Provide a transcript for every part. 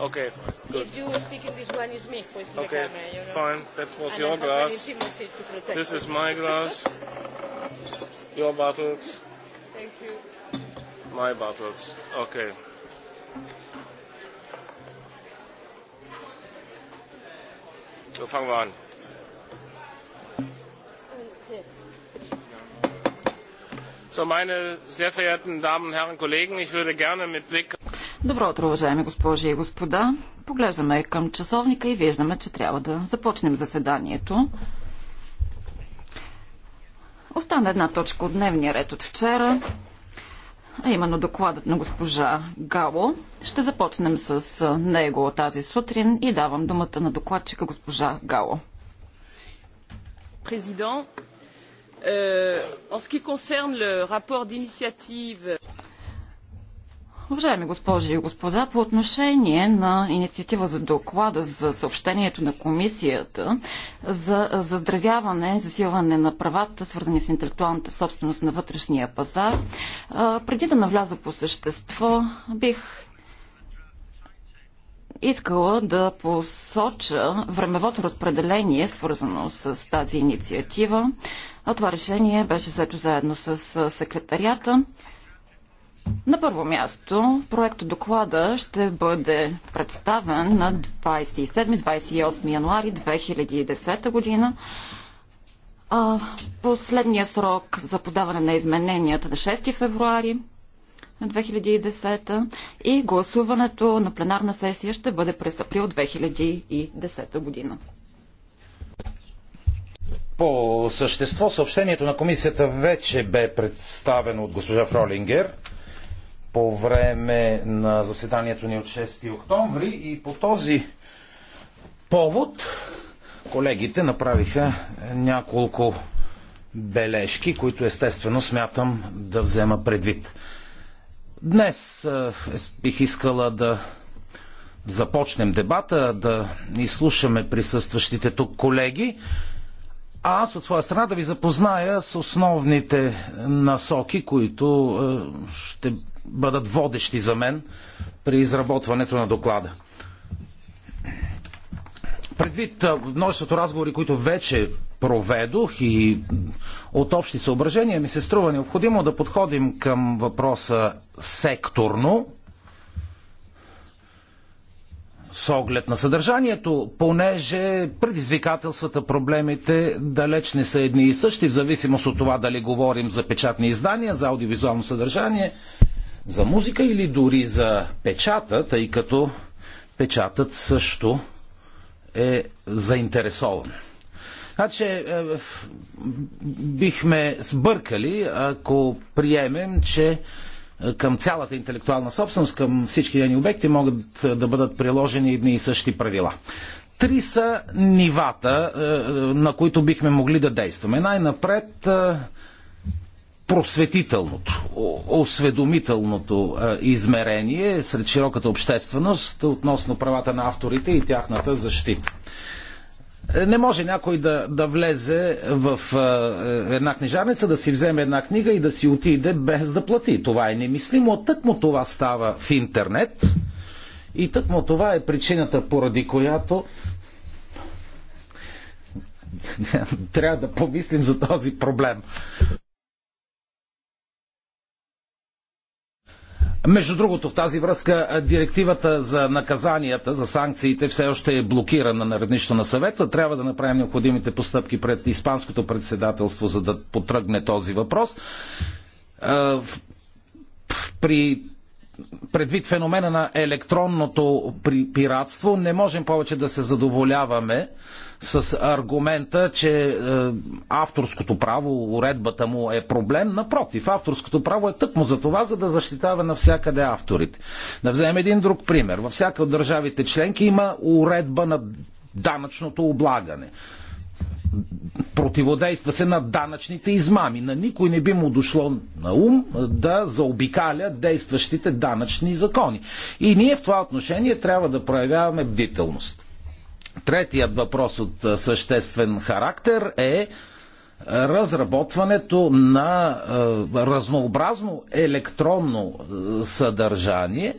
Okay, good. If you speak in this one, it's me who is in okay, the camera. You know? fine. That was and your glass. This is my glass. Your bottles. Thank you. My bottles. Okay. So fangen wir an. So, meine sehr verehrten Damen und Herren Kollegen, ich würde gerne mit Blick Добро утро, уважаеми госпожи и господа. Поглеждаме към часовника и виждаме, че трябва да започнем заседанието. Остана една точка от дневния ред от вчера, а именно докладът на госпожа Гало. Ще започнем с него тази сутрин и давам думата на докладчика госпожа Гало. Президент, в е, ce qui рапорт le Уважаеми госпожи и господа, по отношение на инициатива за доклада за съобщението на комисията за заздравяване, засилване на правата, свързани с интелектуалната собственост на вътрешния пазар, преди да навляза по същество, бих искала да посоча времевото разпределение, свързано с тази инициатива. това решение беше взето заедно с секретарията. На първо място, проектът доклада ще бъде представен на 27-28 януари 2010 година. А, последния срок за подаване на измененията е на 6 февруари 2010 и гласуването на пленарна сесия ще бъде през април 2010 година. По същество съобщението на комисията вече бе представено от госпожа Фролингер – по време на заседанието ни от 6 октомври и по този повод колегите направиха няколко бележки, които естествено смятам да взема предвид. Днес е, е, бих искала да започнем дебата, да изслушаме присъстващите тук колеги. А аз от своя страна да ви запозная с основните насоки, които е, ще бъдат водещи за мен при изработването на доклада. Предвид множеството разговори, които вече проведох и от общи съображения ми се струва необходимо да подходим към въпроса секторно, с оглед на съдържанието, понеже предизвикателствата, проблемите далеч не са едни и същи, в зависимост от това дали говорим за печатни издания, за аудиовизуално съдържание за музика или дори за печата, тъй като печатът също е заинтересован. Значи, е, бихме сбъркали, ако приемем, че е, към цялата интелектуална собственост, към всички нейни обекти могат е, да бъдат приложени едни и същи правила. Три са нивата, на които бихме могли да действаме. Най-напред просветителното, осведомителното е, измерение сред широката общественост относно правата на авторите и тяхната защита. Е, не може някой да, да влезе в е, една книжарница, да си вземе една книга и да си отиде без да плати. Това е немислимо. Тъкмо това става в интернет. И тъкмо това е причината, поради която трябва да помислим за този проблем. Между другото, в тази връзка директивата за наказанията, за санкциите все още е блокирана на равнището на съвета. Трябва да направим необходимите постъпки пред Испанското председателство, за да потръгне този въпрос. При предвид феномена на електронното пиратство, не можем повече да се задоволяваме с аргумента, че е, авторското право, уредбата му е проблем. Напротив, авторското право е тъкмо за това, за да защитава навсякъде авторите. Да вземем един друг пример. Във всяка от държавите членки има уредба на данъчното облагане противодейства се на данъчните измами. На никой не би му дошло на ум да заобикаля действащите данъчни закони. И ние в това отношение трябва да проявяваме бдителност. Третият въпрос от съществен характер е разработването на разнообразно електронно съдържание,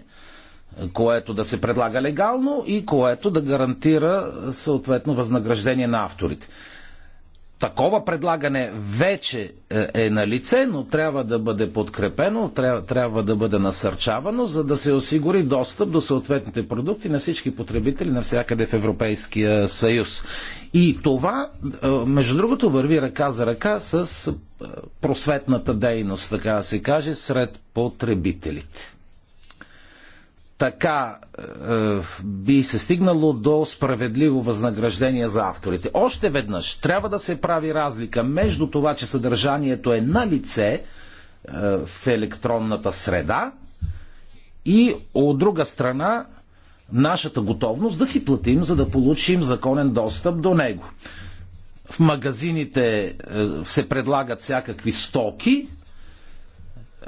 което да се предлага легално и което да гарантира съответно възнаграждение на авторите такова предлагане вече е, е на лице, но трябва да бъде подкрепено, трябва, трябва да бъде насърчавано, за да се осигури достъп до съответните продукти на всички потребители навсякъде в Европейския съюз. И това, е, между другото, върви ръка за ръка с е, просветната дейност, така да се каже, сред потребителите така е, би се стигнало до справедливо възнаграждение за авторите. Още веднъж, трябва да се прави разлика между това, че съдържанието е на лице е, в електронната среда и от друга страна нашата готовност да си платим, за да получим законен достъп до него. В магазините е, се предлагат всякакви стоки,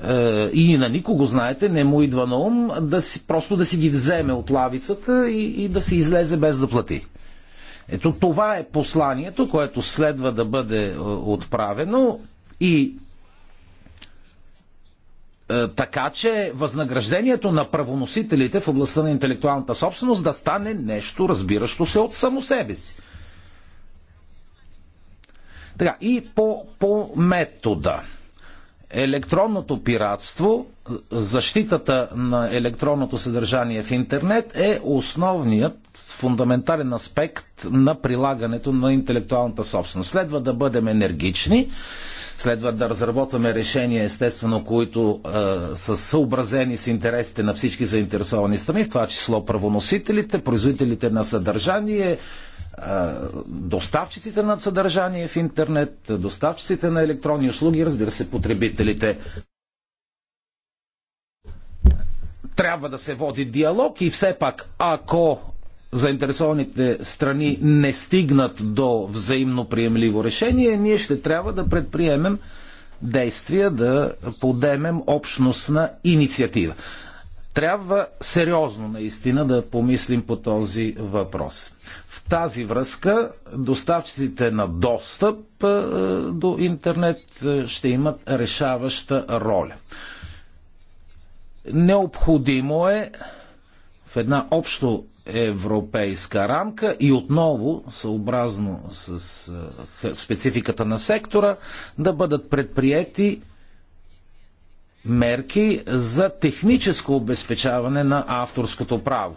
е, и на никого, знаете, не му идва на ум да си, просто да си ги вземе от лавицата и, и да се излезе без да плати. Ето това е посланието, което следва да бъде е, отправено и е, така че възнаграждението на правоносителите в областта на интелектуалната собственост да стане нещо разбиращо се от само себе си. Така, и по, по метода електронното пиратство, защитата на електронното съдържание в интернет е основният фундаментален аспект на прилагането на интелектуалната собственост. Следва да бъдем енергични, следва да разработваме решения, естествено, които е, са съобразени с интересите на всички заинтересовани страни, в това число правоносителите, производителите на съдържание, доставчиците на съдържание в интернет, доставчиците на електронни услуги, разбира се, потребителите. Трябва да се води диалог и все пак, ако заинтересованите страни не стигнат до взаимно приемливо решение, ние ще трябва да предприемем действия да подемем общностна инициатива. Трябва сериозно наистина да помислим по този въпрос. В тази връзка доставчиците на достъп до интернет ще имат решаваща роля. Необходимо е в една общо европейска рамка и отново, съобразно с спецификата на сектора, да бъдат предприяти мерки за техническо обезпечаване на авторското право.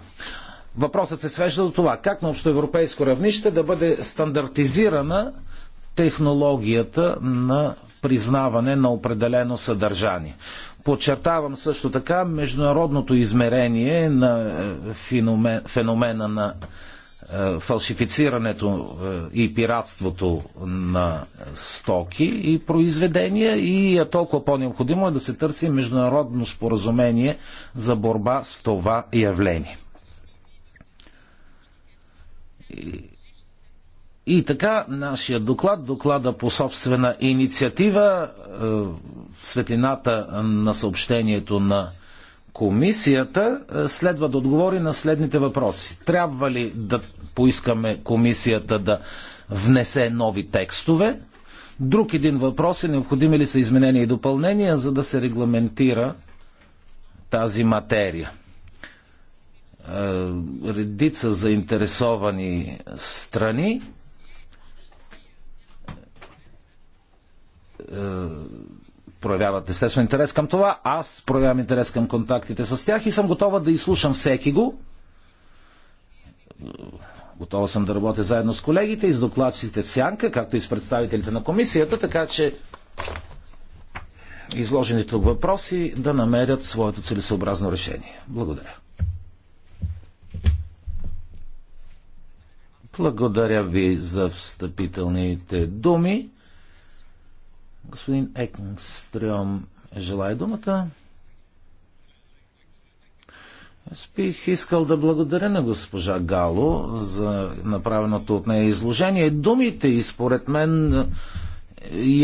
Въпросът се свежда до това как на общоевропейско равнище да бъде стандартизирана технологията на признаване на определено съдържание. Подчертавам също така международното измерение на е, феномена на е, фалшифицирането е, и пиратството на стоки и произведения и е толкова по-необходимо е да се търси международно споразумение за борба с това явление. И, и така, нашия доклад, доклада по собствена инициатива, в е, светлината на съобщението на комисията е, следва да отговори на следните въпроси. Трябва ли да поискаме комисията да внесе нови текстове? Друг един въпрос е необходими ли са изменения и допълнения, за да се регламентира тази материя. Е, редица заинтересовани страни е, проявяват естествен интерес към това. Аз проявявам интерес към контактите с тях и съм готова да изслушам всеки го. Готова съм да работя заедно с колегите и с докладчиците в Сянка, както и с представителите на комисията, така че изложените тук въпроси да намерят своето целесообразно решение. Благодаря. Благодаря ви за встъпителните думи. Господин Екнстрем желая думата. Аз бих искал да благодаря на госпожа Гало за направеното от нея изложение. Думите и според мен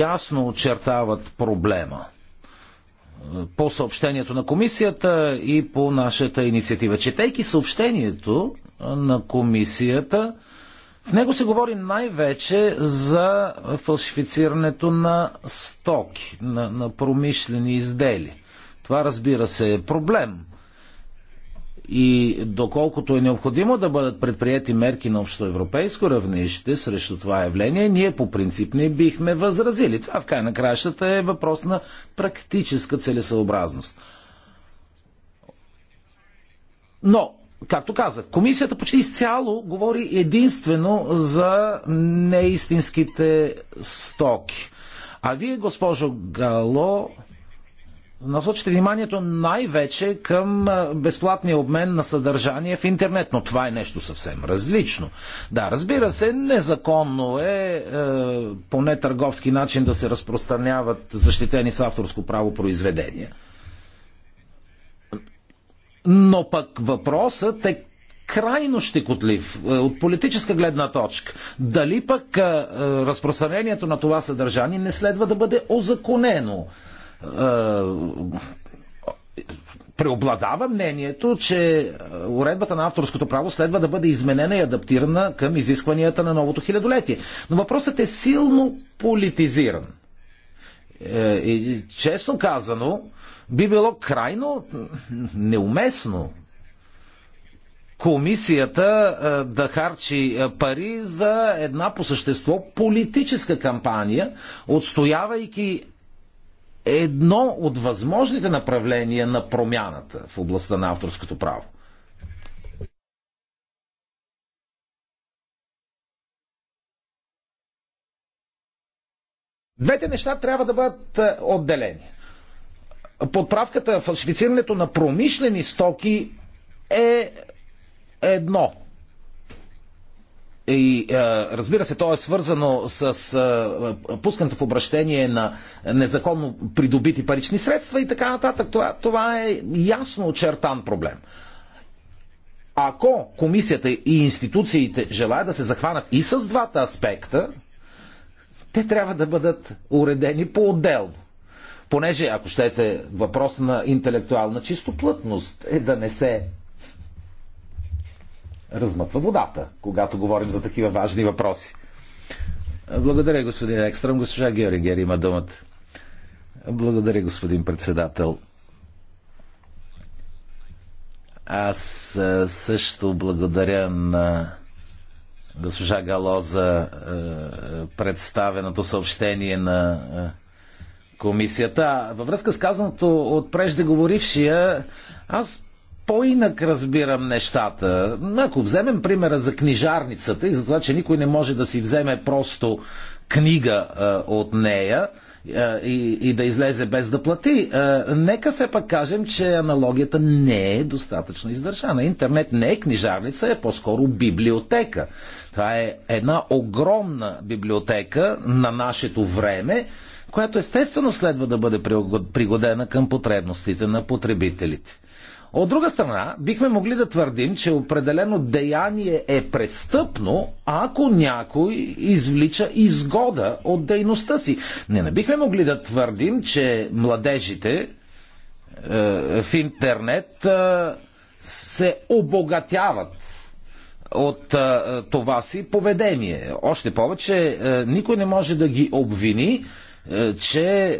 ясно очертават проблема по съобщението на комисията и по нашата инициатива. Четейки съобщението на комисията, в него се говори най-вече за фалшифицирането на стоки, на, на промишлени изделия. Това, разбира се, е проблем. И доколкото е необходимо да бъдат предприяти мерки на общоевропейско равнище срещу това явление, ние по принцип не бихме възразили. Това в край на кращата е въпрос на практическа целесъобразност. Но както казах, комисията почти изцяло говори единствено за неистинските стоки. А вие, госпожо Гало, насочите вниманието най-вече към безплатния обмен на съдържание в интернет, но това е нещо съвсем различно. Да, разбира се, незаконно е, е по нетърговски начин да се разпространяват защитени с авторско право произведения. Но пък въпросът е крайно щекотлив е, от политическа гледна точка. Дали пък е, е, разпространението на това съдържание не следва да бъде озаконено? преобладава мнението, че уредбата на авторското право следва да бъде изменена и адаптирана към изискванията на новото хилядолетие. Но въпросът е силно политизиран. И, честно казано, би било крайно неуместно комисията е, да харчи е, пари за една по същество политическа кампания, отстоявайки едно от възможните направления на промяната в областта на авторското право. Двете неща трябва да бъдат е, отделени подправката, фалшифицирането на промишлени стоки е едно. И е, разбира се, то е свързано с е, пускането в обращение на незаконно придобити парични средства и така нататък. Това, това е ясно очертан проблем. Ако комисията и институциите желаят да се захванат и с двата аспекта, те трябва да бъдат уредени по-отделно понеже, ако щете, въпрос на интелектуална чистоплътност е да не се размътва водата, когато говорим за такива важни въпроси. Благодаря, господин Екстрам. Госпожа Георингер има думата. Благодаря, господин председател. Аз също благодаря на госпожа Гало за представеното съобщение на комисията. Във връзка с казаното от преждеговорившия, аз по-инак разбирам нещата. Ако вземем примера за книжарницата и за това, че никой не може да си вземе просто книга а, от нея и, и да излезе без да плати, нека се пак кажем, че аналогията не е достатъчно издържана. Интернет не е книжарница, е по-скоро библиотека. Това е една огромна библиотека на нашето време, която естествено следва да бъде пригодена към потребностите на потребителите. От друга страна, бихме могли да твърдим, че определено деяние е престъпно, ако някой извлича изгода от дейността си. Не, не бихме могли да твърдим, че младежите е, в интернет е, се обогатяват от е, това си поведение. Още повече, е, никой не може да ги обвини е, че е,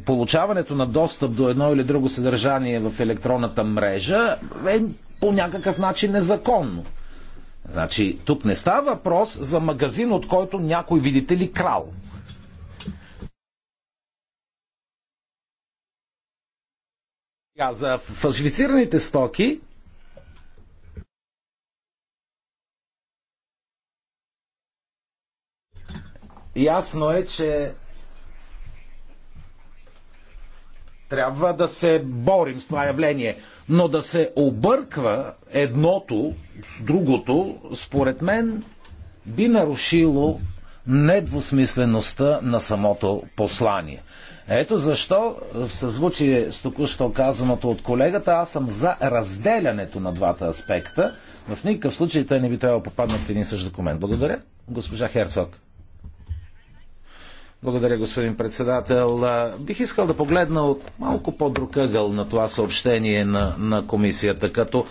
получаването на достъп до едно или друго съдържание в електронната мрежа е по някакъв начин незаконно. Значи, тук не става въпрос за магазин, от който някой, видите ли, крал. За фалшифицираните стоки ясно е, че Трябва да се борим с това явление. Но да се обърква едното с другото, според мен, би нарушило недвусмислеността на самото послание. Ето защо, в съзвучие с току-що казаното от колегата, аз съм за разделянето на двата аспекта. В никакъв случай те не би трябвало попаднат в един същ документ. Благодаря, госпожа Херцог. Благодаря, господин председател. Бих искал да погледна от малко по-друг ъгъл на това съобщение на, на комисията, като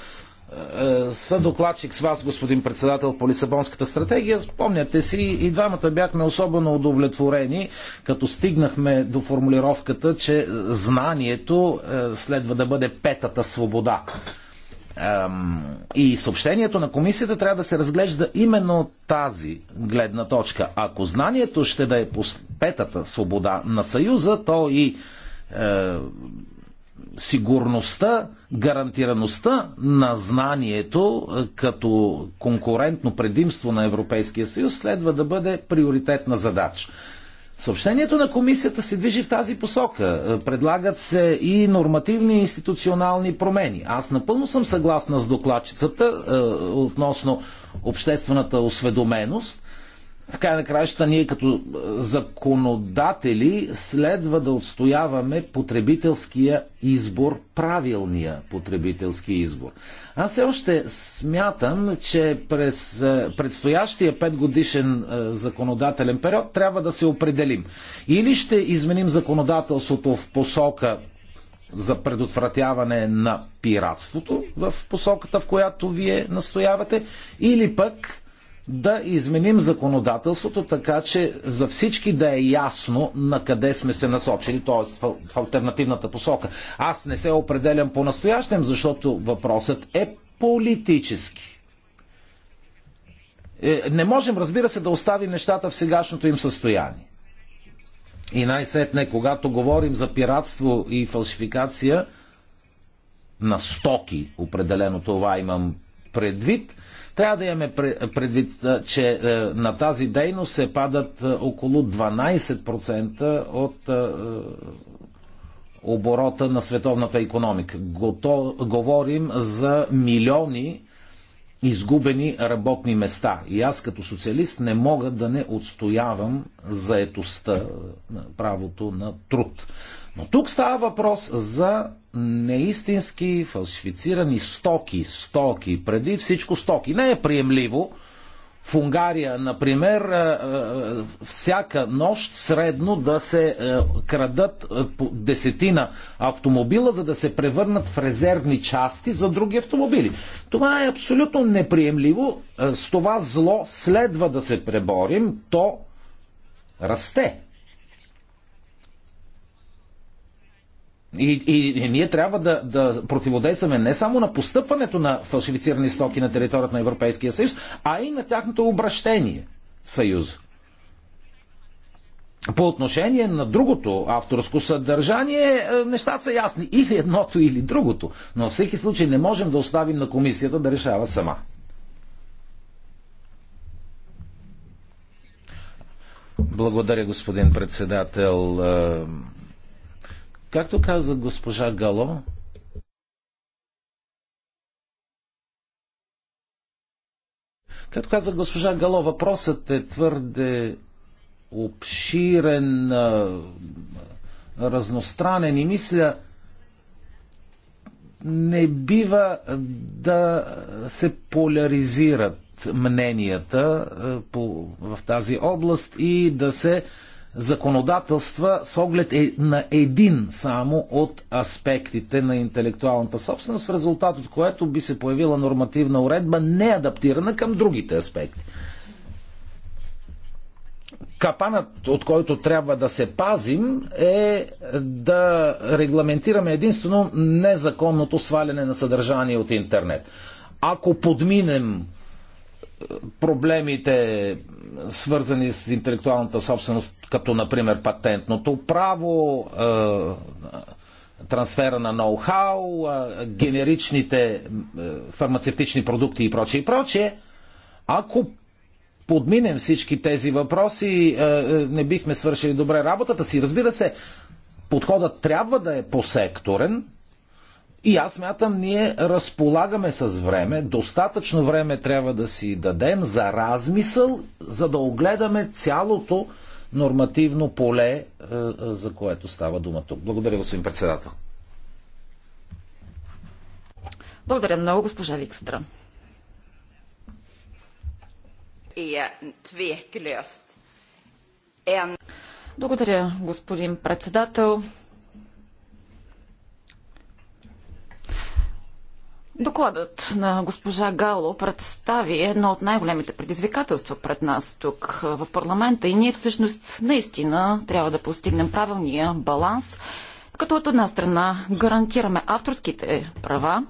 е, съдокладчик с вас, господин председател, по Лисабонската стратегия. Спомняте си, и двамата бяхме особено удовлетворени, като стигнахме до формулировката, че знанието е, следва да бъде петата свобода. И съобщението на комисията трябва да се разглежда именно от тази гледна точка. Ако знанието ще да е по петата свобода на Съюза, то и е, сигурността, гарантираността на знанието е, като конкурентно предимство на Европейския съюз следва да бъде приоритетна задача. Съобщението на комисията се движи в тази посока. Е, предлагат се и нормативни и институционални промени. Аз напълно съм съгласна с докладчицата е, относно обществената осведоменост, в край на ние като е, законодатели следва да отстояваме потребителския избор, правилния потребителски избор. Аз все още смятам, че през е, предстоящия петгодишен е, законодателен период трябва да се определим. Или ще изменим законодателството в посока за предотвратяване на пиратството в посоката, в която вие настоявате, или пък да изменим законодателството така, че за всички да е ясно на къде сме се насочили, т.е. в альтернативната посока. Аз не се определям по-настоящем, защото въпросът е политически. Е, не можем, разбира се, да оставим нещата в сегашното им състояние. И най-сетне, когато говорим за пиратство и фалшификация на стоки, определено това имам предвид, трябва да имаме предвид, че е, на тази дейност се падат е, около 12% от е, оборота на световната економика. Гото, говорим за милиони изгубени работни места. И аз като социалист не мога да не отстоявам заетостта, правото на труд. Но тук става въпрос за неистински фалшифицирани стоки, стоки, преди всичко стоки. Не е приемливо в Унгария, например, е, е, всяка нощ средно да се е, крадат по десетина автомобила, за да се превърнат в резервни части за други автомобили. Това е абсолютно неприемливо. С това зло следва да се преборим. То расте. И, и, и ние трябва да, да противодействаме не само на постъпването на фалшифицирани стоки на територията на Европейския съюз, а и на тяхното обращение в съюз. По отношение на другото авторско съдържание, е, нещата са ясни. Или едното, или другото. Но във всеки случай не можем да оставим на комисията да решава сама. Благодаря, господин председател. Е, Както каза госпожа Гало, Както каза госпожа Гало, въпросът е твърде обширен, разностранен и мисля, не бива да се поляризират мненията в тази област и да се законодателства с оглед е, на един само от аспектите на интелектуалната собственост, в резултат от което би се появила нормативна уредба, не адаптирана към другите аспекти. Капанът, от който трябва да се пазим, е да регламентираме единствено незаконното сваляне на съдържание от интернет. Ако подминем е, проблемите, свързани с интелектуалната собственост като например патентното право, е, трансфера на ноу-хау, е, генеричните е, фармацевтични продукти и прочее и прочее, ако подминем всички тези въпроси, не бихме свършили добре работата си. Разбира се, подходът трябва да е посекторен, и аз мятам, ние разполагаме с време, достатъчно време трябва да си дадем за размисъл, за да огледаме цялото нормативно поле, е, е, за което става дума тук. Благодаря, господин председател. Благодаря много, госпожа Викстра. Е, Благодаря, господин председател. Докладът на госпожа Гало представи едно от най-големите предизвикателства пред нас тук в парламента и ние всъщност наистина трябва да постигнем правилния баланс, като от една страна гарантираме авторските права,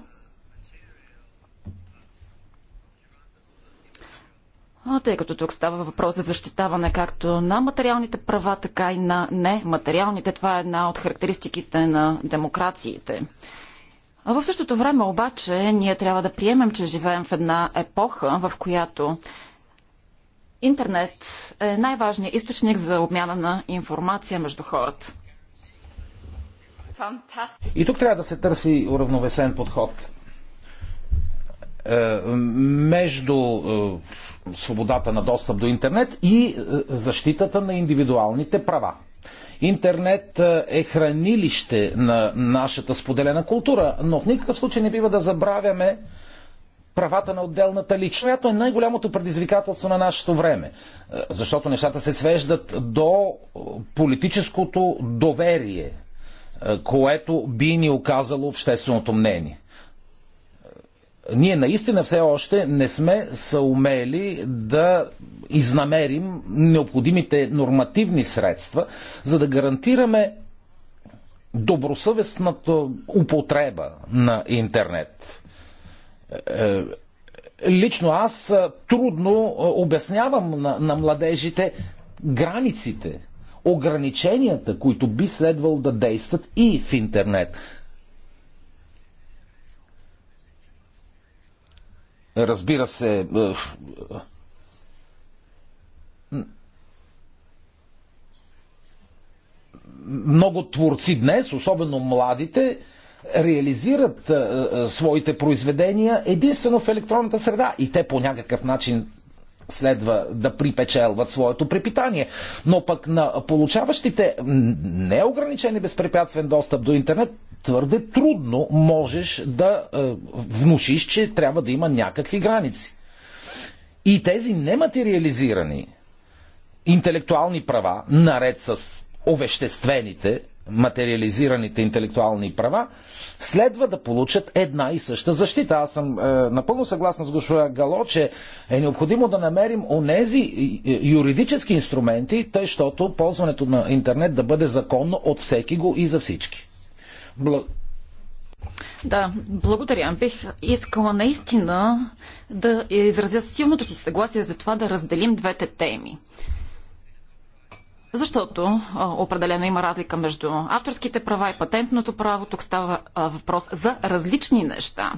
тъй като тук става въпрос за защитаване както на материалните права, така и на нематериалните. Това е една от характеристиките на демокрациите. В същото време обаче ние трябва да приемем, че живеем в една епоха, в която интернет е най-важният източник за обмяна на информация между хората. И тук трябва да се търси уравновесен подход е, между е, свободата на достъп до интернет и е, защитата на индивидуалните права. Интернет е, е хранилище на нашата споделена култура, но в никакъв случай не бива да забравяме правата на отделната личност, която е най-голямото предизвикателство на нашето време. Е, защото нещата се свеждат до е, политическото доверие, което би ни оказало общественото мнение ние наистина все още не сме съумели да изнамерим необходимите нормативни средства, за да гарантираме добросъвестната употреба на интернет. Е, е, лично аз е, трудно обяснявам на, на младежите границите, ограниченията, които би следвал да действат и в интернет. Разбира се, е, много творци днес, особено младите, реализират е, е, своите произведения единствено в електронната среда и те по някакъв начин следва да припечелват своето препитание. Но пък на получаващите неограничен и безпрепятствен достъп до интернет твърде трудно можеш да е, внушиш, че трябва да има някакви граници. И тези нематериализирани интелектуални права, наред с овеществените, материализираните интелектуални права, следва да получат една и съща защита. Аз съм е, напълно съгласен с госпожа Гало, че е необходимо да намерим онези е, юридически инструменти, тъй, защото ползването на интернет да бъде законно от всеки го и за всички. Да, благодаря. Бих искала наистина да изразя силното си съгласие за това да разделим двете теми. Защото а, определено има разлика между авторските права и патентното право. Тук става а, въпрос за различни неща.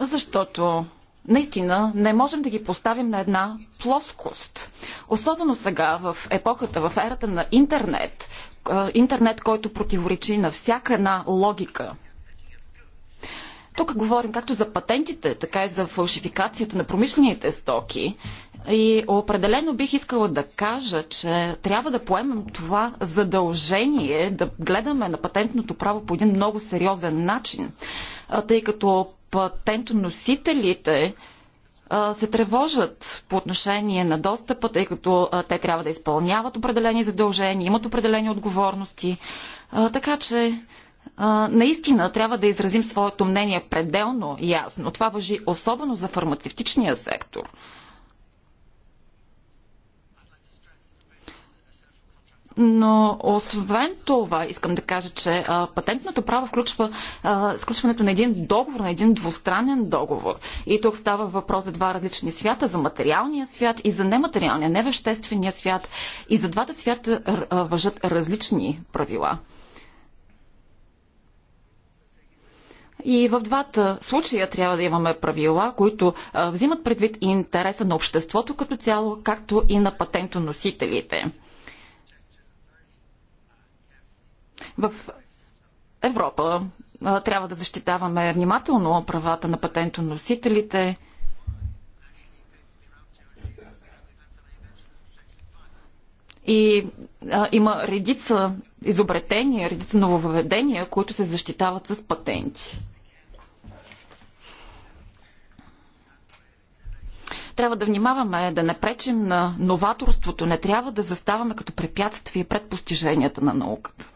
Защото наистина не можем да ги поставим на една плоскост. Особено сега в епохата, в ерата на интернет, интернет, който противоречи на всяка една логика. Тук говорим както за патентите, така и за фалшификацията на промишлените стоки. И определено бих искала да кажа, че трябва да поемем това задължение да гледаме на патентното право по един много сериозен начин, тъй като патентоносителите се тревожат по отношение на достъпа, тъй като те трябва да изпълняват определени задължения, имат определени отговорности. Така че наистина трябва да изразим своето мнение пределно ясно. Това въжи особено за фармацевтичния сектор. Но освен това, искам да кажа, че а, патентното право включва а, сключването на един договор, на един двустранен договор. И тук става въпрос за два различни свята, за материалния свят и за нематериалния, невеществения свят. И за двата свята въжат различни правила. И в двата случая трябва да имаме правила, които а, взимат предвид и интереса на обществото като цяло, както и на патентоносителите. В Европа трябва да защитаваме внимателно правата на патентоносителите. И а, има редица изобретения, редица нововведения, които се защитават с патенти. Трябва да внимаваме, да не пречим на новаторството, не трябва да заставаме като препятствие пред постиженията на науката.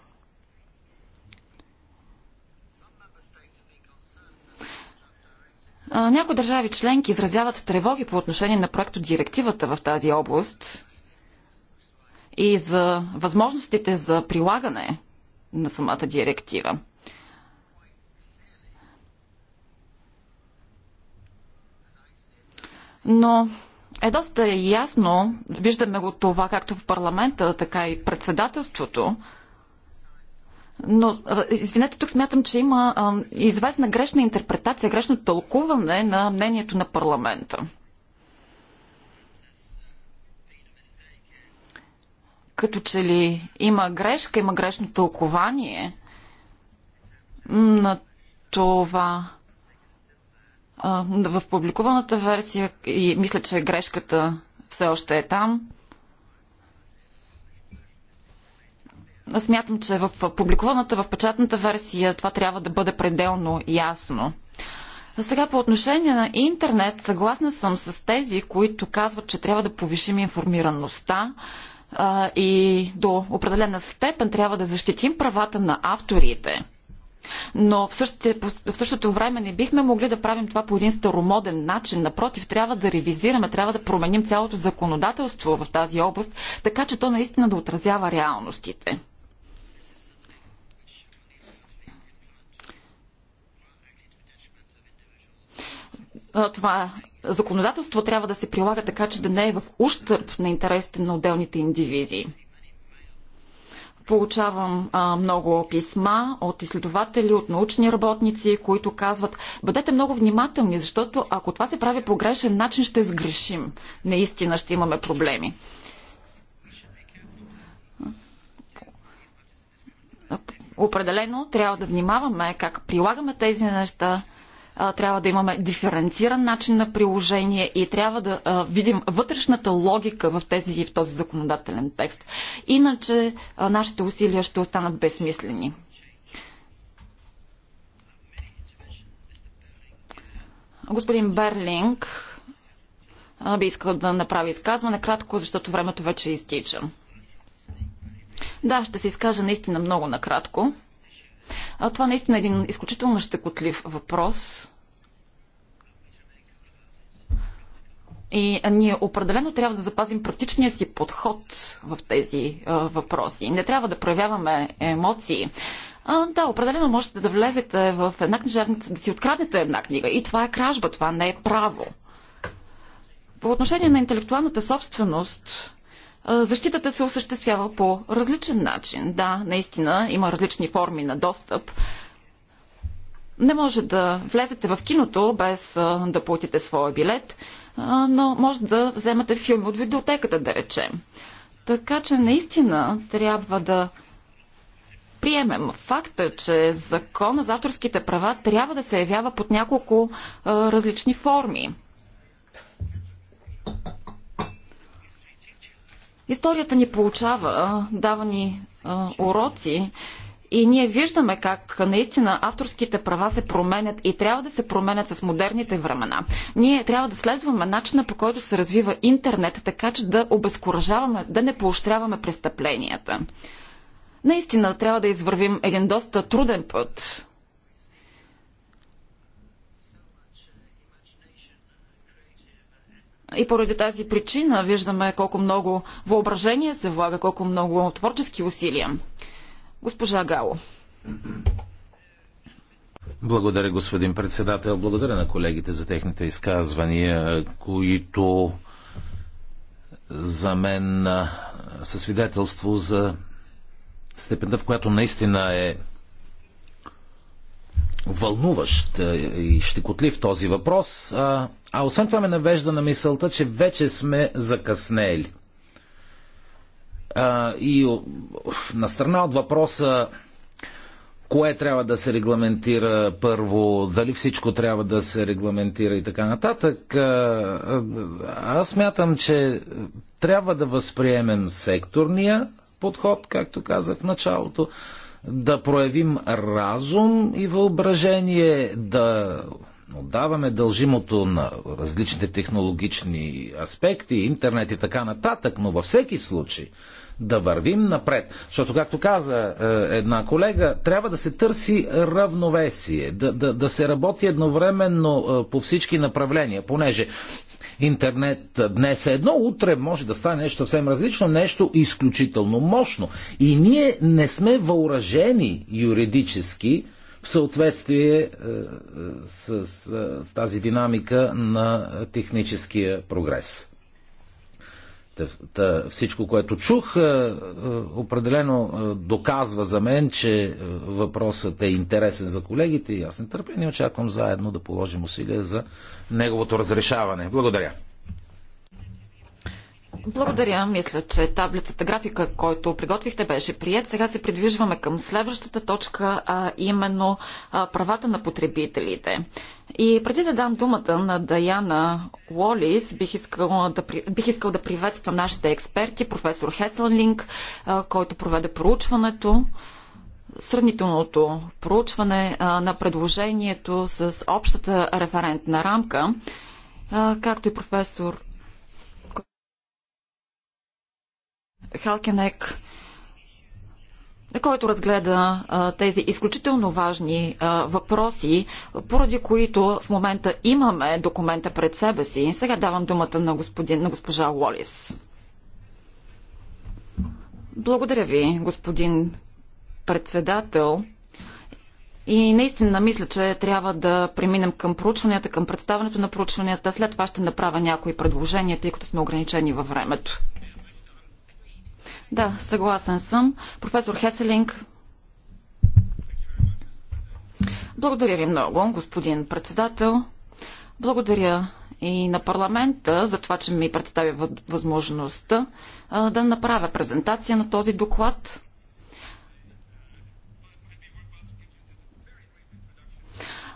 Някои държави членки изразяват тревоги по отношение на проекто директивата в тази област и за възможностите за прилагане на самата директива. Но е доста ясно, виждаме го това както в парламента, така и председателството, но, извинете, тук смятам, че има а, известна грешна интерпретация, грешно тълкуване на мнението на парламента. Като че ли има грешка, има грешно тълкование на това а, в публикуваната версия и мисля, че грешката все още е там. Смятам, че в публикуваната, в печатната версия това трябва да бъде пределно ясно. Сега по отношение на интернет, съгласна съм с тези, които казват, че трябва да повишим информираността а, и до определена степен трябва да защитим правата на авторите. Но в същото, в същото време не бихме могли да правим това по един старомоден начин. Напротив, трябва да ревизираме, трябва да променим цялото законодателство в тази област, така че то наистина да отразява реалностите. това законодателство трябва да се прилага така, че да не е в ущърп на интересите на отделните индивиди. Получавам а, много писма от изследователи, от научни работници, които казват бъдете много внимателни, защото ако това се прави по грешен начин, ще сгрешим. Наистина ще имаме проблеми. Определено трябва да внимаваме как прилагаме тези неща, трябва да имаме диференциран начин на приложение и трябва да видим вътрешната логика в, тези, в този законодателен текст. Иначе нашите усилия ще останат безсмислени. Господин Берлинг би искал да направи изказване кратко, защото времето вече изтича. Да, ще се изкажа наистина много накратко. А, това наистина е един изключително щекотлив въпрос. И ние определено трябва да запазим практичния си подход в тези а, въпроси. Не трябва да проявяваме емоции. А, да, определено можете да влезете в една книжарница, да си откраднете една книга. И това е кражба, това не е право. По отношение на интелектуалната собственост, защитата се осъществява по различен начин. Да, наистина има различни форми на достъп. Не може да влезете в киното без да платите своя билет, но може да вземете филми от видеотеката, да речем. Така че наистина трябва да приемем факта, че закона за авторските права трябва да се явява под няколко различни форми. Историята ни получава, дава ни а, уроци и ние виждаме как наистина авторските права се променят и трябва да се променят с модерните времена. Ние трябва да следваме начина по който се развива интернет, така че да обезкуражаваме, да не поощряваме престъпленията. Наистина трябва да извървим един доста труден път И поради тази причина виждаме колко много въображение се влага, колко много творчески усилия. Госпожа Гало. Благодаря, господин председател. Благодаря на колегите за техните изказвания, които за мен са свидетелство за степента, в която наистина е вълнуващ е, и щекотлив този въпрос, а, а освен това ме навежда на мисълта, че вече сме закъснели. А, и на страна от въпроса кое трябва да се регламентира първо, дали всичко трябва да се регламентира и така нататък, аз мятам, че трябва да възприемем секторния подход, както казах в началото, да проявим разум и въображение, да отдаваме дължимото на различните технологични аспекти, интернет и така нататък, но във всеки случай да вървим напред. Защото, както каза е, една колега, трябва да се търси равновесие, да, да, да се работи едновременно е, по всички направления, понеже интернет днес е едно, утре може да стане нещо съвсем различно, нещо изключително мощно. И ние не сме въоръжени юридически в съответствие е, е, с, е, с тази динамика на техническия прогрес. Всичко, което чух, е, е, определено е, доказва за мен, че въпросът е интересен за колегите и аз нетърпение очаквам заедно да положим усилия за неговото разрешаване. Благодаря. Благодаря. Мисля, че таблицата, графика, който приготвихте, беше прият. Сега се придвижваме към следващата точка, а именно а, правата на потребителите. И преди да дам думата на Даяна Уолис, бих искал да, бих искал да приветствам нашите експерти, професор Хеслинг, който проведе проучването сравнителното проучване а, на предложението с общата референтна рамка, а, както и професор Халкенек, който разгледа а, тези изключително важни а, въпроси, поради които в момента имаме документа пред себе си. Сега давам думата на, господин, на госпожа Уолис. Благодаря ви, господин председател. И наистина мисля, че трябва да преминем към проучванията, към представането на проучванията. След това ще направя някои предложения, тъй като сме ограничени във времето. Да, съгласен съм. Професор Хеселинг. Благодаря ви много, господин председател. Благодаря и на парламента за това, че ми представи възможността да направя презентация на този доклад.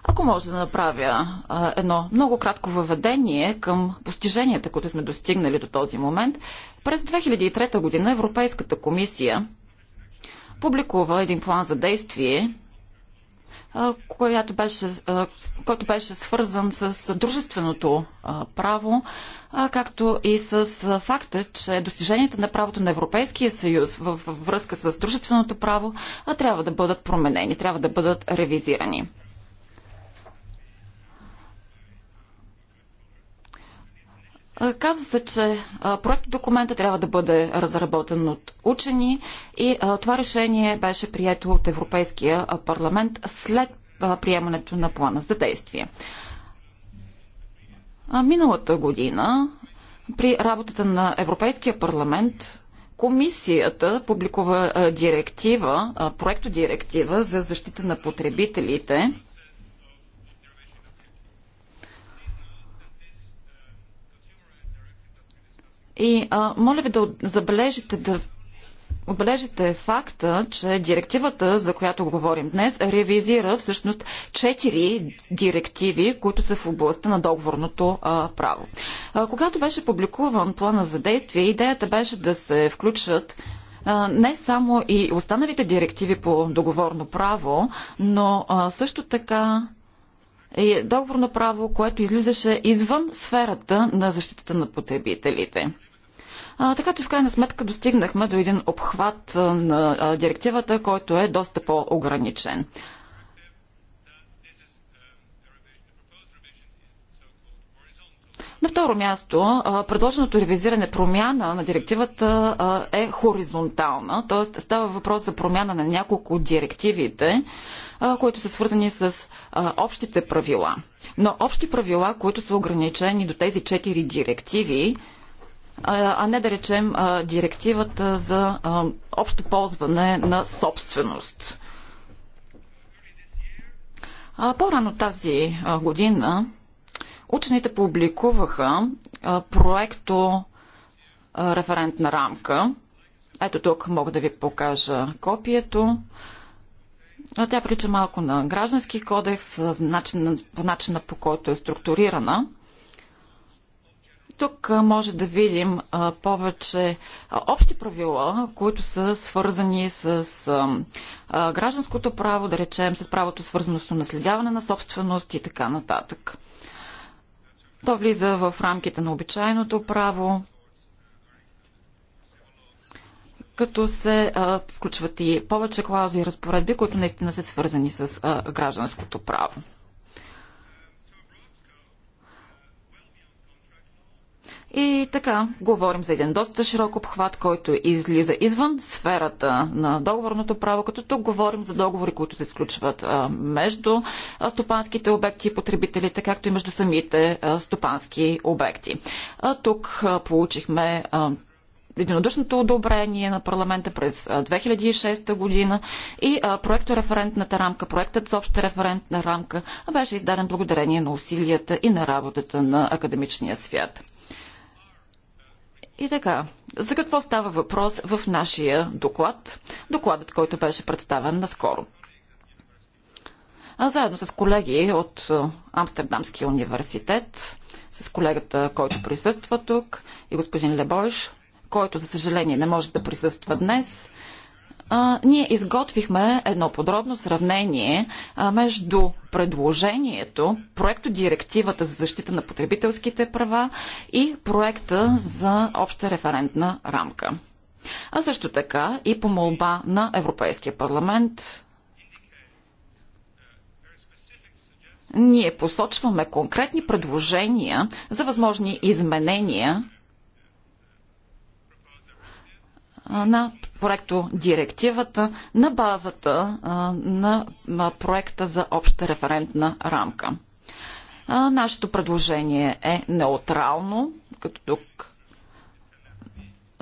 Ако може да направя а, едно много кратко въведение към постиженията, които сме достигнали до този момент, през 2003 година Европейската комисия публикува един план за действие, а, която беше, а, който беше свързан с дружественото а, право, а, както и с а, факта, че достиженията на правото на Европейския съюз във връзка с дружественото право а, трябва да бъдат променени, трябва да бъдат ревизирани. Е, каза се, че е, проект документа трябва да бъде разработен от учени и е, това решение беше прието от Европейския парламент след приемането на плана за действие. Миналата година при работата на Европейския парламент комисията публикува директива, директива за защита на потребителите – И а, моля ви да забележите, да обележите факта, че директивата, за която говорим днес, ревизира всъщност четири директиви, които са в областта на договорното а, право. А, когато беше публикуван плана за действие, идеята беше да се включат не само и останалите директиви по договорно право, но също така е договорно право, което излизаше извън сферата на защитата на потребителите. А, така че в крайна сметка достигнахме до един обхват на директивата, който е доста по-ограничен. На второ място, предложеното ревизиране промяна на директивата е хоризонтална, т.е. става въпрос за промяна на няколко директивите, които са свързани с общите правила. Но общи правила, които са ограничени до тези четири директиви, а не да речем директивата за общо ползване на собственост. По-рано тази година Учените публикуваха проекто референтна рамка. Ето тук мога да ви покажа копието. Тя прилича малко на граждански кодекс по начина по който е структурирана. Тук може да видим повече общи правила, които са свързани с гражданското право, да речем с правото свързано с наследяване на собственост и така нататък. То влиза в рамките на обичайното право, като се а, включват и повече клаузи и разпоредби, които наистина са свързани с а, гражданското право. И така, говорим за един доста широк обхват, който излиза извън сферата на договорното право, като тук говорим за договори, които се изключват между стопанските обекти и потребителите, както и между самите стопански обекти. тук получихме единодушното одобрение на парламента през 2006 година и проекто референтната рамка, проектът с обща референтна рамка беше издаден благодарение на усилията и на работата на академичния свят. И така, за какво става въпрос в нашия доклад, докладът, който беше представен наскоро? А заедно с колеги от Амстердамския университет, с колегата, който присъства тук и господин Лебойш, който за съжаление не може да присъства днес, а, ние изготвихме едно подробно сравнение а, между предложението, проекто директивата за защита на потребителските права и проекта за обща референтна рамка. А също така и по молба на Европейския парламент ние посочваме конкретни предложения за възможни изменения на проекто директивата на базата на проекта за обща референтна рамка. Нашето предложение е неутрално, като тук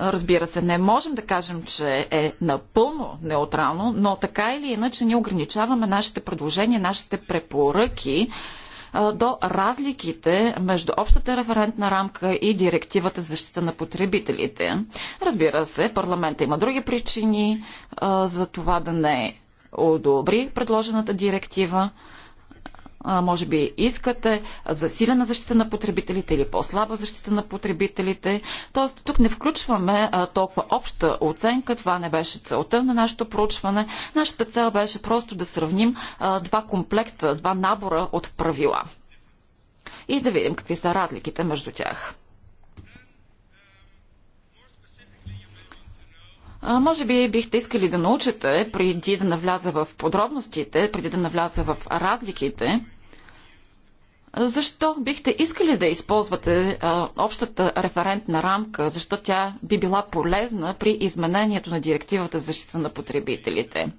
Разбира се, не можем да кажем, че е напълно неутрално, но така или иначе ние ограничаваме нашите предложения, нашите препоръки до разликите между общата референтна рамка и директивата за защита на потребителите. Разбира се, парламента има други причини за това да не одобри предложената директива а, може би искате засилена защита на потребителите или по-слаба защита на потребителите. Тоест, тук не включваме а, толкова обща оценка. Това не беше целта на нашето проучване. Нашата цел беше просто да сравним а, два комплекта, два набора от правила и да видим какви са разликите между тях. А, може би бихте искали да научите, преди да навляза в подробностите, преди да навляза в разликите, защо бихте искали да използвате а, общата референтна рамка? Защо тя би била полезна при изменението на директивата за защита на потребителите?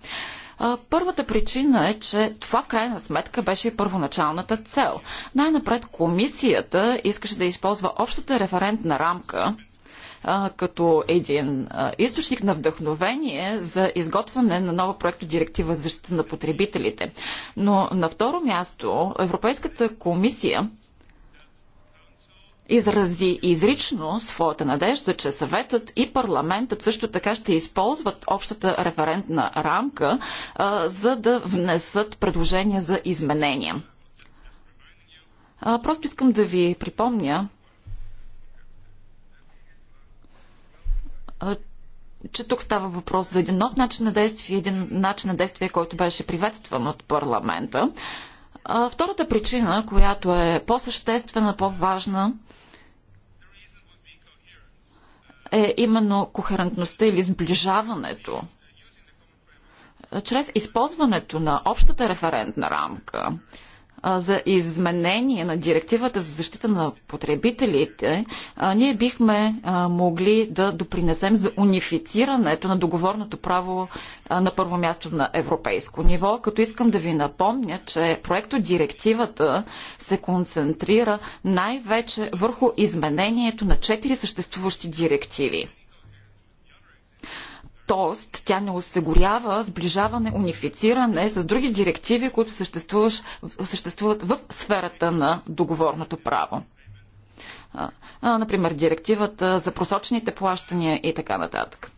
А, първата причина е, че това в крайна сметка беше първоначалната цел. Най-напред комисията искаше да използва общата референтна рамка, като един източник на вдъхновение за изготвяне на нова проекта директива за защита на потребителите. Но на второ място Европейската комисия изрази изрично своята надежда, че съветът и парламентът също така ще използват общата референтна рамка, а, за да внесат предложения за изменения. А, просто искам да ви припомня, че тук става въпрос за един нов начин на действие, един начин на действие, който беше приветстван от парламента. Втората причина, която е по-съществена, по-важна, е именно кохерентността или сближаването. Чрез използването на общата референтна рамка, за изменение на директивата за защита на потребителите, ние бихме могли да допринесем за унифицирането на договорното право на първо място на европейско ниво, като искам да ви напомня, че проекто директивата се концентрира най-вече върху изменението на четири съществуващи директиви. Тоест, тя не осигурява сближаване, унифициране с други директиви, които съществуват в сферата на договорното право. Например, директивата за просочените плащания и така нататък.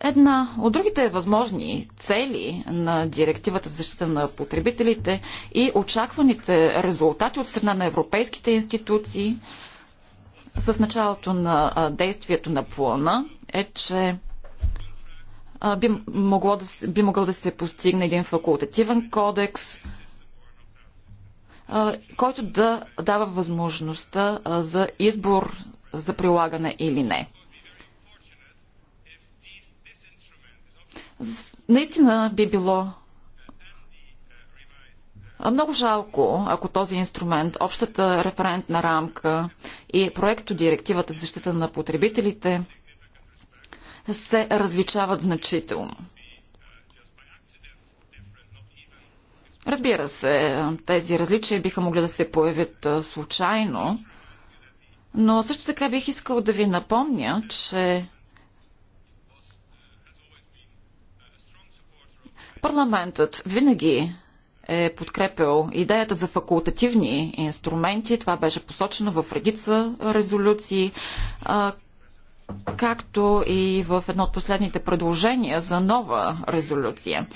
Една от другите възможни цели на директивата за защита на потребителите и очакваните резултати от страна на европейските институции – с началото на действието на плана е, че би, могло да, би могъл да се постигне един факултативен кодекс, който да дава възможността за избор за прилагане или не. Наистина би било много жалко, ако този инструмент, общата референтна рамка и проекто директивата за защита на потребителите се различават значително. Разбира се, тези различия биха могли да се появят случайно, но също така бих искал да ви напомня, че парламентът винаги е подкрепил идеята за факултативни инструменти. Това беше посочено в редица резолюции, както и в едно от последните предложения за нова резолюция.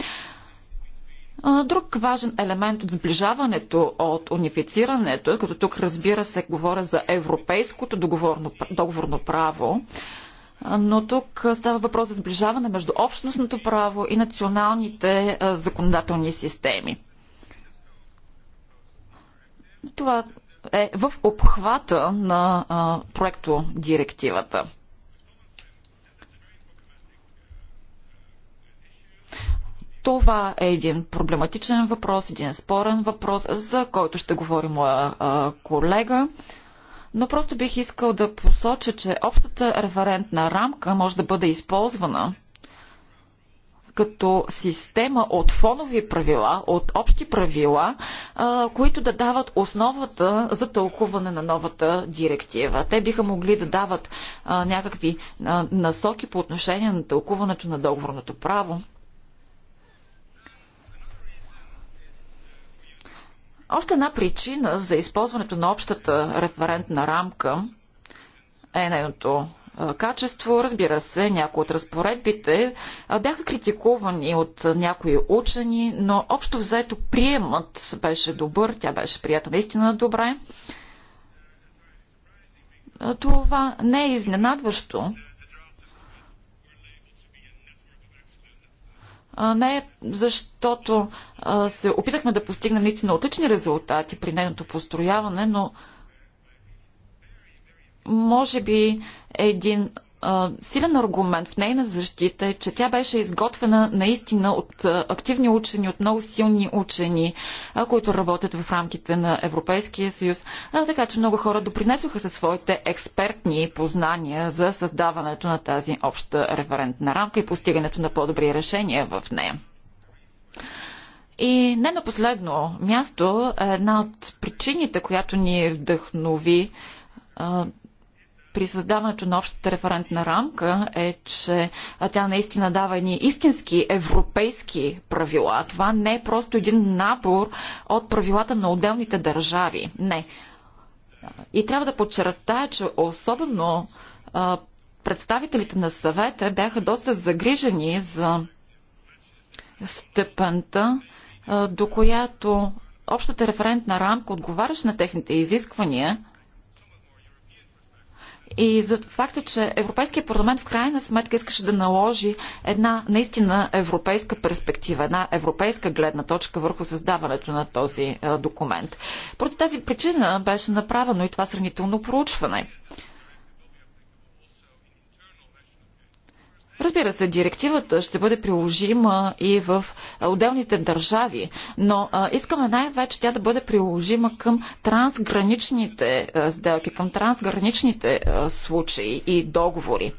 Друг важен елемент от сближаването, от унифицирането, като тук разбира се говоря за европейското договорно, договорно право, но тук става въпрос за сближаване между общностното право и националните законодателни системи. Това е в обхвата на а, проекто директивата. Това е един проблематичен въпрос, един спорен въпрос, за който ще говори моя а, колега. Но просто бих искал да посоча, че общата референтна рамка може да бъде използвана като система от фонови правила, от общи правила, които да дават основата за тълкуване на новата директива. Те биха могли да дават някакви насоки по отношение на тълкуването на договорното право. Още една причина за използването на общата референтна рамка е нейното качество. Разбира се, някои от разпоредбите бяха критикувани от някои учени, но общо взето приемът беше добър, тя беше прията наистина добре. Това не е изненадващо. не е защото се опитахме да постигнем наистина отлични резултати при нейното построяване, но може би един а, силен аргумент в нейна защита е, че тя беше изготвена наистина от а, активни учени, от много силни учени, а, които работят в рамките на Европейския съюз. А, така че много хора допринесоха със своите експертни познания за създаването на тази обща референтна рамка и постигането на по-добри решения в нея. И не на последно място, една от причините, която ни вдъхнови при създаването на общата референтна рамка е, че тя наистина дава едни истински европейски правила. Това не е просто един набор от правилата на отделните държави. Не. И трябва да подчертая, че особено а, представителите на съвета бяха доста загрижени за степента, а, до която общата референтна рамка отговаряше на техните изисквания – и за факта, че Европейския парламент в крайна сметка искаше да наложи една наистина европейска перспектива, една европейска гледна точка върху създаването на този е, документ. Поради тази причина беше направено и това сравнително проучване. Разбира се, директивата ще бъде приложима и в отделните държави, но искаме най-вече тя да бъде приложима към трансграничните сделки, към трансграничните случаи и договори.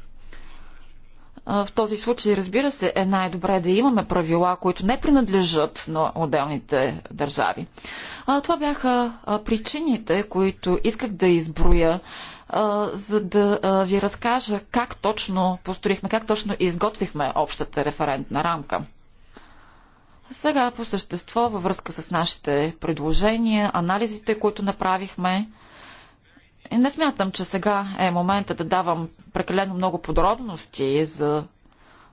В този случай, разбира се, е най-добре да имаме правила, които не принадлежат на отделните държави. Това бяха причините, които исках да изброя за да ви разкажа как точно построихме, как точно изготвихме общата референтна рамка. Сега по същество, във връзка с нашите предложения, анализите, които направихме, не смятам, че сега е момента да давам прекалено много подробности за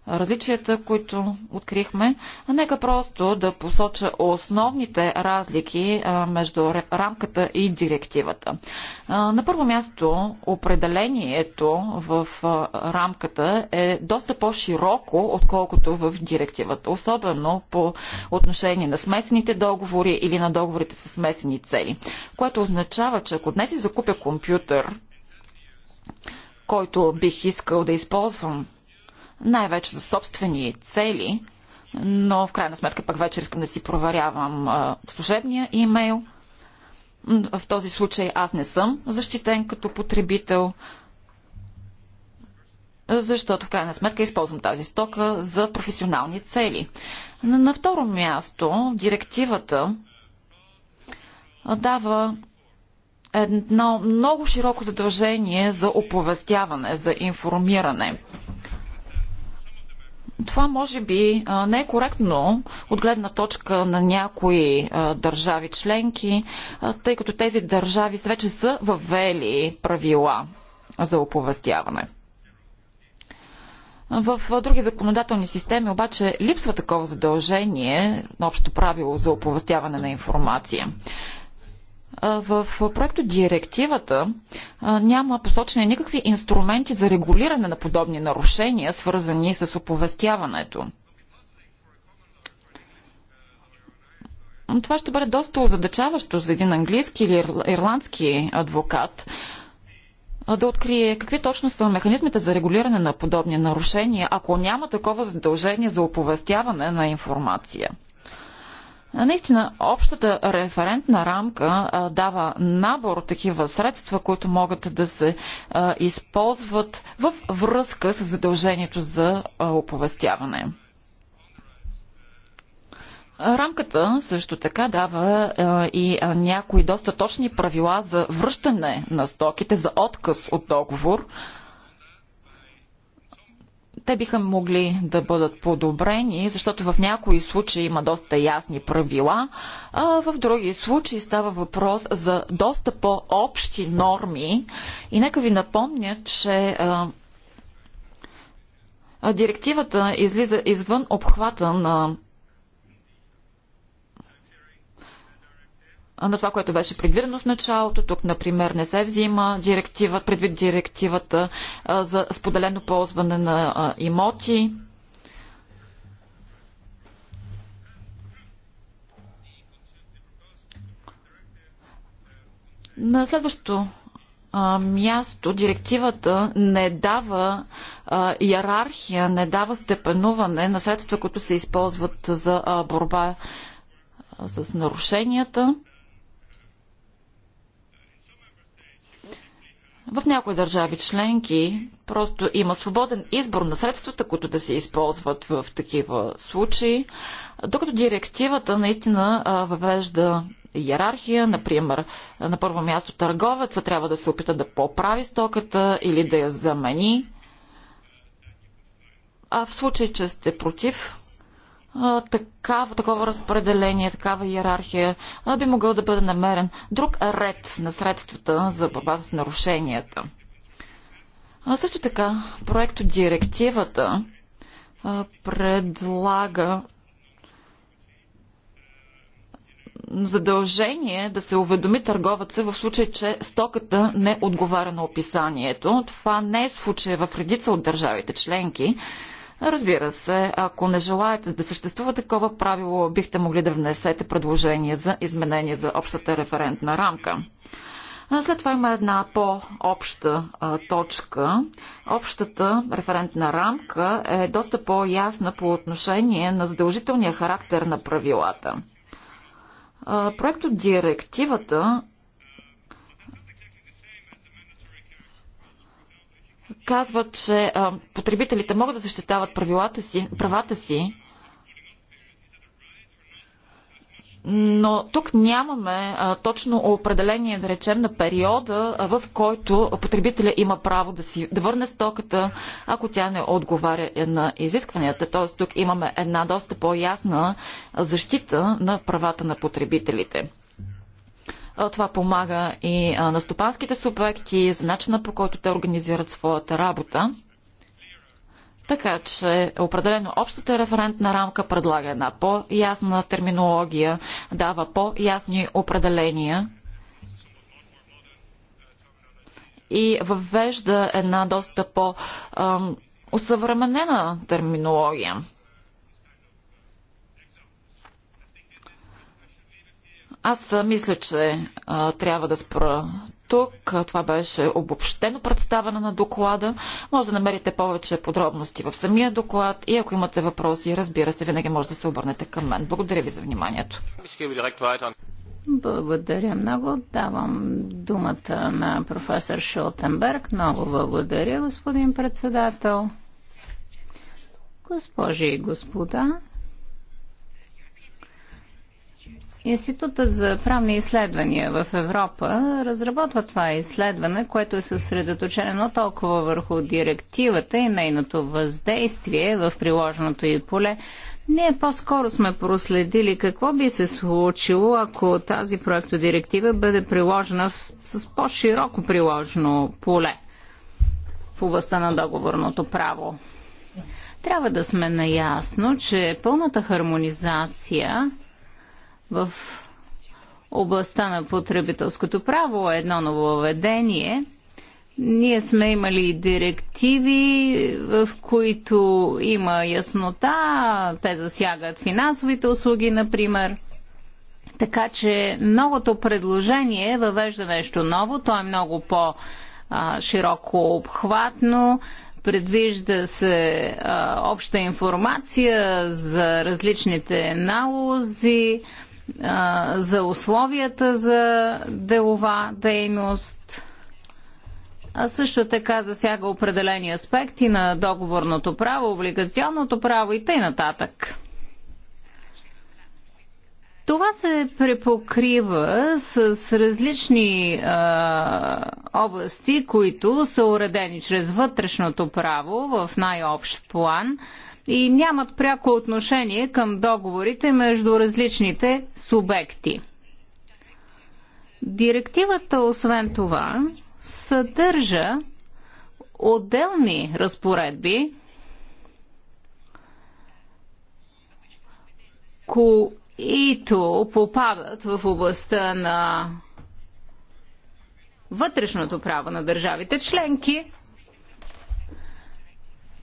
различията, които открихме. А нека просто да посоча основните разлики между рамката и директивата. На първо място, определението в рамката е доста по-широко, отколкото в директивата, особено по отношение на смесените договори или на договорите с смесени цели, което означава, че ако днес си закупя компютър, който бих искал да използвам най-вече за собствени цели, но в крайна сметка пък вече искам да си проверявам а, служебния имейл. В този случай аз не съм защитен като потребител, защото в крайна сметка използвам тази стока за професионални цели. На второ място, директивата дава едно много широко задължение за оповестяване, за информиране. Това може би не е коректно от гледна точка на някои държави членки, тъй като тези държави вече са въвели правила за оповестяване. В други законодателни системи обаче липсва такова задължение на общо правило за оповестяване на информация в проекто директивата няма посочени никакви инструменти за регулиране на подобни нарушения, свързани с оповестяването. Това ще бъде доста озадачаващо за един английски или ирландски адвокат да открие какви точно са механизмите за регулиране на подобни нарушения, ако няма такова задължение за оповестяване на информация. Наистина, общата референтна рамка а, дава набор от такива средства, които могат да се а, използват в връзка с задължението за а, оповестяване. Рамката също така дава а, и някои доста точни правила за връщане на стоките, за отказ от договор, те биха могли да бъдат подобрени, защото в някои случаи има доста ясни правила, а в други случаи става въпрос за доста по-общи норми. И нека ви напомня, че Директивата излиза извън обхвата на на това, което беше предвидено в началото. Тук, например, не се взима директива, предвид директивата за споделено ползване на имоти. На следващото място директивата не дава иерархия, не дава степенуване на средства, които се използват за борба с нарушенията. В някои държави членки просто има свободен избор на средствата, които да се използват в такива случаи, докато директивата наистина въвежда иерархия, например, на първо място търговеца трябва да се опита да поправи стоката или да я замени. А в случай, че сте против такава, такова разпределение, такава иерархия, би могъл да бъде намерен друг ред на средствата за борба с нарушенията. А също така, проекто директивата а, предлага задължение да се уведоми търговеца в случай, че стоката не отговаря на описанието. Това не е случай в редица от държавите членки. Разбира се, ако не желаете да съществува такова правило, бихте могли да внесете предложение за изменение за общата референтна рамка. След това има една по-обща точка. Общата референтна рамка е доста по-ясна по отношение на задължителния характер на правилата. Проекто директивата казва, че а, потребителите могат да защитават правилата си, правата си, но тук нямаме а, точно определение, да речем, на периода, а, в който потребителя има право да, си, да върне стоката, ако тя не отговаря на изискванията. Т.е. тук имаме една доста по-ясна защита на правата на потребителите. Това помага и на стопанските субекти за начина по който те организират своята работа. Така че определено общата референтна рамка предлага една по-ясна терминология, дава по-ясни определения и въвежда една доста по- усъвременена терминология. Аз мисля, че а, трябва да спра тук. Това беше обобщено представане на доклада. Може да намерите повече подробности в самия доклад и ако имате въпроси, разбира се, винаги може да се обърнете към мен. Благодаря ви за вниманието. Благодаря много. Давам думата на професор Шолтенберг. Много благодаря, господин председател. Госпожи и господа, Институтът за правни изследвания в Европа разработва това изследване, което е съсредоточено толкова върху директивата и нейното въздействие в приложеното и поле. Ние по-скоро сме проследили какво би се случило, ако тази проектодиректива бъде приложена с по-широко приложено поле в областта на договорното право. Трябва да сме наясно, че пълната хармонизация – в областта на потребителското право е едно нововведение. Ние сме имали директиви, в които има яснота, те засягат финансовите услуги, например. Така че новото предложение въвежда нещо ново, то е много по-широко обхватно, предвижда се а, обща информация за различните налози, за условията за делова дейност, а също така засяга определени аспекти на договорното право, облигационното право и т.н. Това се препокрива с различни а, области, които са уредени чрез вътрешното право в най-общ план – и нямат пряко отношение към договорите между различните субекти. Директивата, освен това, съдържа отделни разпоредби, които попадат в областта на вътрешното право на държавите членки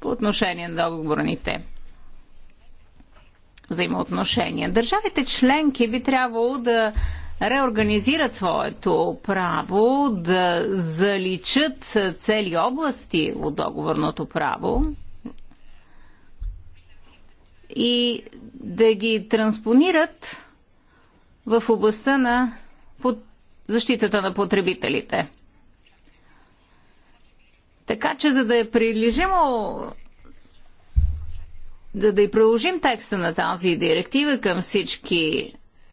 по отношение на договорните взаимоотношения. Държавите членки би трябвало да реорганизират своето право, да заличат цели области от договорното право и да ги транспонират в областта на защитата на потребителите. Така че, за да е прилежимо да, да и приложим текста на тази директива към всички